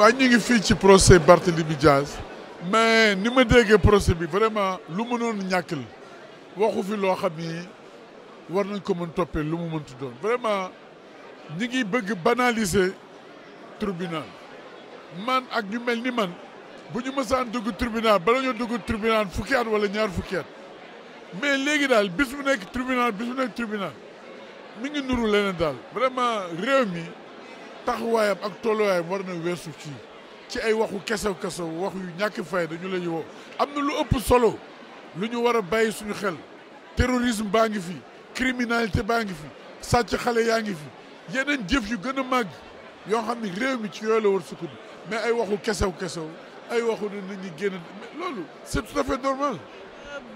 waa ñu ngi fii ci procès Barthélémy Diaz mais ni ma déggee procès bi vraiment lu mënoon ñàkk la waxu fi loo xam ni war nañ ko mën toppee lu mu mënti doon vraiment ñi ngi bëgg banaliser tribunal man ak ñu mel ni man bu ñu mësaan dugg tribunal bala ñu dugg tribunal fukki at wala ñaar fukki at mais léegi daal bis bu nekk tribunal bis bu nekk tribunal mi ngi nuru leneen daal vraiment réew taxawaayam ak tolluwaayam war na weesu fii ci ay waxu kesew kesew wax yu ñàkk fay dañu la ñu woo am na lu ëpp solo lu ñu war a bàyyi suñu xel terrorisme baa ngi fi criminalité baa ngi fi sàcc xale yaa ngi fi yeneen jëf yu gën a màgg yoo xam ni réew mi ci yooyu la war sukkandu mais ay waxu kesew kesew ay waxu ne nit ñi génn loolu c'est tout à fait normal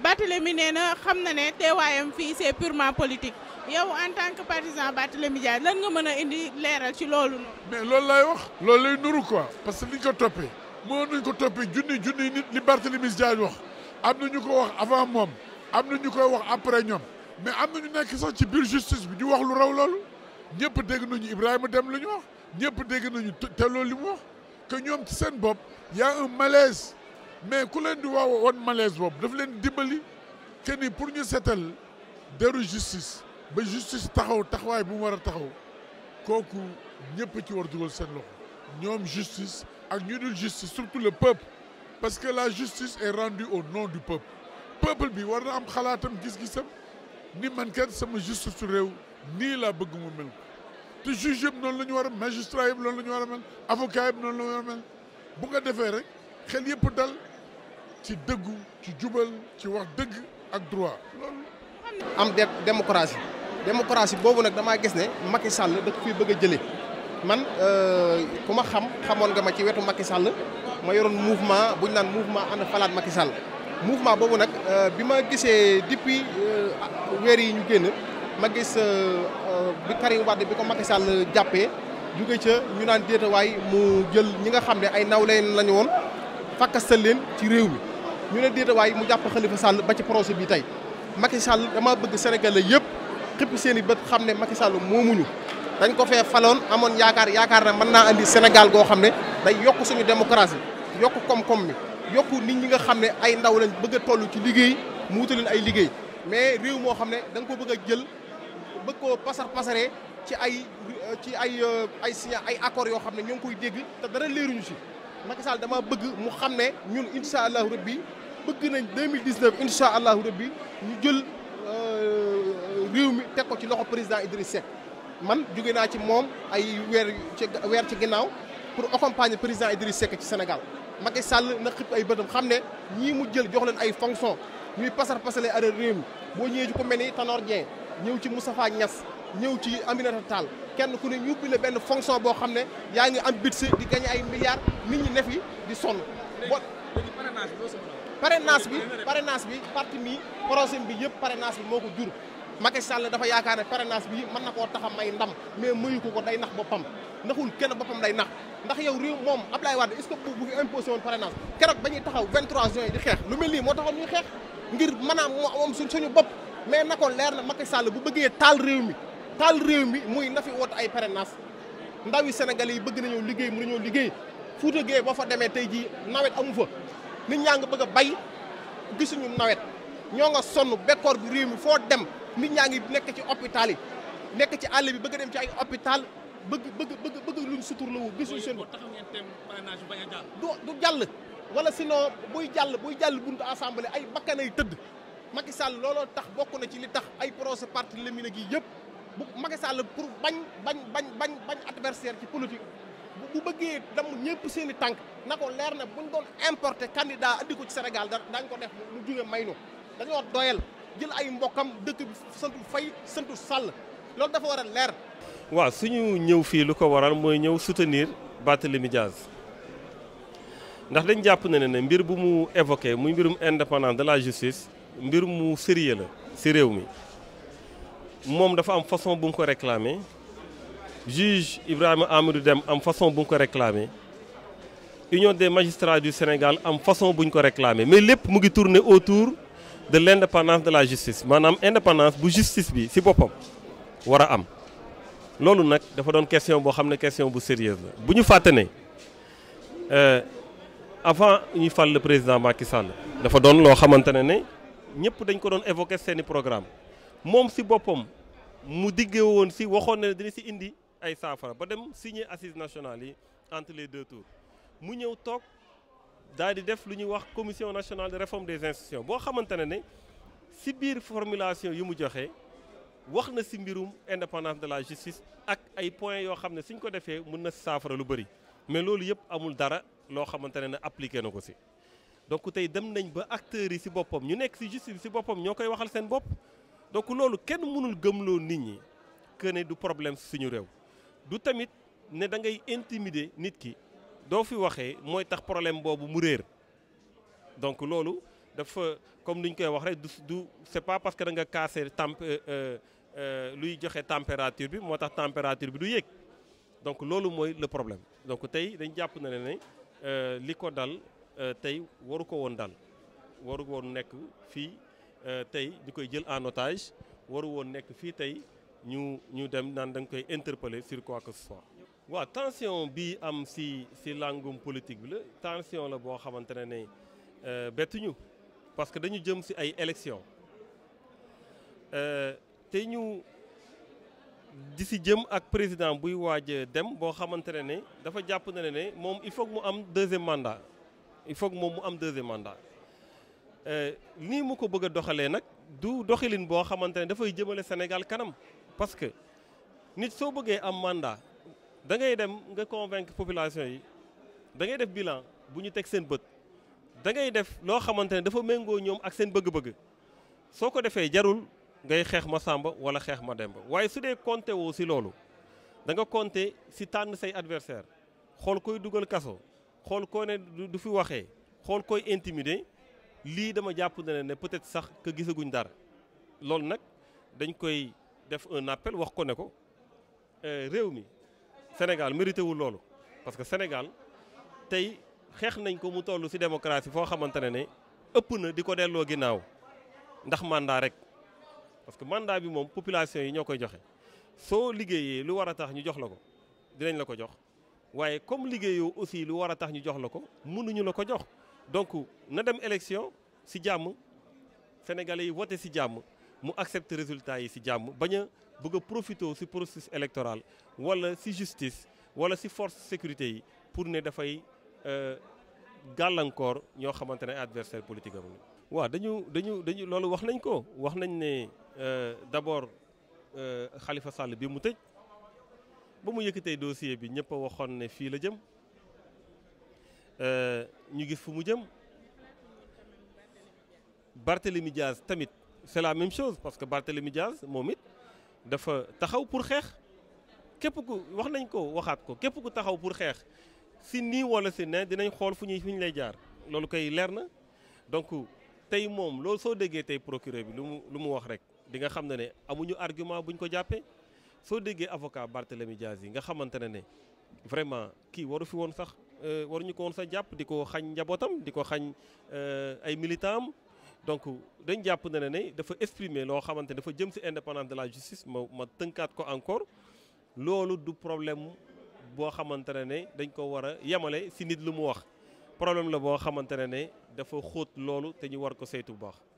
Barthélémy nee na xam na ne teewaayam fii c'est purement politique yow en tant que partisan Barthélémy Dias lan nga mën a indi leeral ci loolu noonu. mais loolu lay wax. loolu lay nuru quoi parce que li ñu ko toppee mënoon nañu ko toppee junni junni nit li Barthélémy Dias wax am na ñu ko wax avant moom am na ñu koy wax après ñoom mais am na ñu nekk sax ci biir justice bi ñu wax lu raw loolu ñëpp dégg nañu Ibrahima dem la ñu wax ñëpp dégg nañu te loolu li mu wax que ñoom ci seen bopp y a un malaise mais ku leen di wax woon malaise boobu daf leen dimbali que pour ñu seetal deru justice. ba justice taxaw taxawaay bu mu war a taxaw kooku ñëpp ci war dugal seen loxo ñoom justice ak ñu dul justice surtout le peuple parce que la justice est rendue au nom du peuple peuple bi war na am xalaatam gis-gisam ni man kat sama justice su réew nii laa bëgg mu mel te juge yëpp noonu la ñu war a mel magistrat yëpp noonu la ñu war a mel avocat yëpp noonu la war a mel bu nga defee rek xel yëpp dal ci dëggu ci jubal ci wax dëgg ak droit loolu am démocratie démocratie boobu nag damaa gis ne Macky Sall da ko fiy bëgg a jëlee man euh, ku ma xam xamoon nga ma ci wetu Macky Sall ma yoroon mouvement bu ñu naan mouvement ànd falaat Macky sàll mouvement boobu nag euh, bi ma gisee depuis euh, weer yi ñu génn ma gis bi Karim Wade bi ko Macky Sall jàppee jóge ca ñu naan déetawaay mu jël ñi nga xam ne ay nawleen lañu woon fakkastal leen ci réew mi ñu ne déetawaay mu jàpp Khalifa Sall ba ci projet bi tey Macky Sall dama bëgg Sénégalais yëpp. xëpp seen i bët xam ne Macky Sall moomuñu dañ ko fee faloon amoon yaakaar yaakaar ne mën naa indi Sénégal goo xam ne day yokk suñu démocratie yokk koom-koom mi yokk nit ñi nga xam ne ay ndaw lañ bëgg a toll ci liggéey mu wutaleen ay liggéey mais réew moo xam ne danga ko bëgg jël bëgg koo pasar pasaree ci ay ci ay ay signa ay accords yoo xam ne ñoo ngi koy dégg te dara leeruñu si Macky Sall dama bëgg mu xam ne ñun incha allahu rabbi bëgg nañ 2019 incha allahu rabbi ñu jël. réew mi teg ko ci loxo président Idriss Seck man jóge naa ci moom ay weer ci weer ci ginnaaw pour accompagner président Idriss Seck ci Sénégal Macky Sall na xib ay bëtam xam ne ñii mu jël jox leen ay fonction ñuy pasar pasale ara réew mi boo ñëwee ci ku mel ni Tanor Dieng ñëw ci Moustapha Niass ñëw ci Aminata taal kenn ku ne ñu ubbi benn fonction boo xam ne yaa ngi am budget di gagné ay milliards nit ñi ne fi di sonn. bo parrainage bi parrainage bi parti mi bi yëpp parrainage bi moo ko jur. Macky Sall dafa yaakaar ne parrainage bi mën na koo tax may ndam mais mayu ko ko day nax boppam naxul kenn boppam day nax ndax yow réew moom Abdoulaye Wade est-ce que bu fi imposé woon parrainage keroog ba ñuy taxaw 23 juin di xeex lu mel nii moo taxoon ñuy xeex ngir maanaam moo am suñ suñu bopp mais na ko leer na Macky Sall bu bëggee taal réew mi taal réew mi muy na fi woote ay parrainage ndawi Sénégal yi bëgg nañoo liggéey mënuñoo liggéey Fouta Gueye boo fa demee tey jii nawet amu fa nit ñaa nga bëgg a bay gisuñu nawet ñoo nga sonn bekkoor bi réew mi foo dem nit ñaa ngi nekk ci hôpital yi nekk ci àll bi bëgg dem ci ay hôpital bëgg bëgg bëgg bëgg luñ suturlawul gisuñ seen bopp du du jàll wala sinon buy jàll buy jàll buntu assemblée ay bakkanay tëdd Macky Sall looloo tax bokk na ci li tax ay procès parti lemine gi yëpp bu Macky Sall pour bañ bañ bañ bañ bañ adversaire ci politique bu bëggee dam ñëpp seen i tànk na ko leer na buñ doon importer candidat andi ko ci Sénégal dañ ko def mu jóge may nu dañoo doyal jël ay mbokkam dëkk bi santu Faye santu Sall loolu dafa war a leer. waaw suñu ñëw fii lu ko waral mooy ñëw soutenir Barthélémy Dias ndax dañ jàpp ne ne mbir bu mu évoqué muy mbirum indépendance de la justice mbir mu sérieux la si réew mi moom dafa am façon bu ko réclamer juge Ibrahima Amadou dem am façon bu ko réclamer union de magistrats du Sénégal am façon bu ñu ko réclamer mais lépp mu ngi tourner autour de l' indépendance de la justice maanaam indépendance bu justice bi si boppam war a am loolu nag dafa doon question boo xam ne question bu sérieuse la bu ñu fàtte ne euh, avant ñuy fal le président Macky Sall dafa doon loo xamante ne ne ñëpp dañ ko doon évoquer seeni programme moom si boppam mu diggee woon si waxoon na ne dina si indi ay saafara ba dem signe assise nationale yi entre les deux tours mu ñëw toog daal di def lu ñuy wax commission national de réforme des institutions boo xamante ne ne si biir formulation yu mu joxee wax na si mbirum indépendance de la justice ak ay points yoo xam ne suñ ko defee mun na saafara lu bëri mais loolu yëpp amul dara loo xamante ne ne appliqué na ko si. donc tey dem nañ ba acteurs yi si boppam ñu nekk si justice si boppam ñoo koy waxal seen bopp donc loolu kenn mënul gëm loo nit ñi que ne du problème suñu réew du tamit ne da ngay intimider nit ki. doo fi waxee mooy tax problème boobu mu réer donc loolu dafa comme ni ñu koy wax rek du du c'est pas parce que da nga casser temp euh, euh, euh, luy joxe température bi moo tax température bi du yéeg donc loolu mooy le problème donc tey dañ jàpp na ne ne li ko dal tey waru ko woon dal waru woon nekk fii tey ñu koy jël en otage waru woon nekk fii tey ñu ñu dem naan da nga koy interpeller sur quoi que waa tension bi am si si langum politique bi la tension la boo xamante ne ne euh, bettuñu parce que dañu jëm si ay élections euh, te ñu di si jëm ak président buy waaj dem boo xamante ne ne dafa jàpp ne ne moom il faut mu am deuxième mandat il faut moom mu am deuxième mandat euh, nii mu ko bëgg a doxalee nag du doxalin boo xamante ne dafay jëmale Sénégal kanam parce que nit soo bëggee am mandat. da ngay dem nga convaincre population yi da ngay def bilan bu ñu teg seen bët da ngay def loo xamante ne dafa méngoo ñoom ak seen bëgg-bëgg soo ko defee jarul ngay xeex ma sàmba wala xeex ma demba waaye su dee compté woo si loolu da nga compté si tànn say adversaire xool koy dugal kaso xool koo ne du fi waxee xool koy intimider lii dama jàpp ne ne peut-être sax que gisaguñ dara loolu nag dañ koy def un appel wax ko ne ko euh, réew mi Sénégal mérité wul loolu parce que Sénégal tey xeex nañ ko mu toll ci démocratie foo xamante ne ne ëpp na di ko delloo ginnaaw ndax mandat rek parce que mandat bi moom population yi ñoo koy joxe soo liggéeyee lu war a tax ñu jox la ko dinañ la ko jox waaye comme liggéeyoo aussi lu war a tax ñu jox la ko mënuñu la ko jox donc na dem élection ci jàmm sénégalais yi voté ci jàmm mu accepte résultat yi ci jàmm bañ bëgg a profité si processus électoral wala si justice wala si force sécurité yi pour ne dafay euh, gàllankoor ñoo xamante ne adversaire politique am waa dañu dañu dañu loolu wax nañ ko wax nañ ne euh, d'abord xalifa euh, Sall bi mu tëj ba mu tey dossier bi ñëpp waxoon ne fii la jëm ñu gis fu mu jëm Barthélemy Diaz tamit c'est la même chose parce que Barthélemy Diaz moom it dafa taxaw pour xeex képp ku wax nañ ko waxaat ko képp ku taxaw pour xeex si nii wala si ne dinañ xool fu ñuy fu ñu lay jaar loolu koy leer na donc tey moom loolu soo déggee tey procureur bi lu mu lu mu wax rek di nga xam ne ne amuñu argument buñ ko jàppee soo déggee avocat Barthélémy Dias yi nga xamante ne ne vraiment kii waru fi woon sax euh, waruñu ko woon sax jàpp di ko xañ njabootam di ko xañ euh, ay militant am donc dañ jàpp ne ne dafa exprimer loo xamante ne dafa jëm si indépendance de la justice ma ma tënkaat ko encore loolu du problème boo xamante ne ne dañ ko war a yemale si nit lu mu wax problème la boo xamante ne ne dafa xóot loolu te ñu war ko saytu bu baax.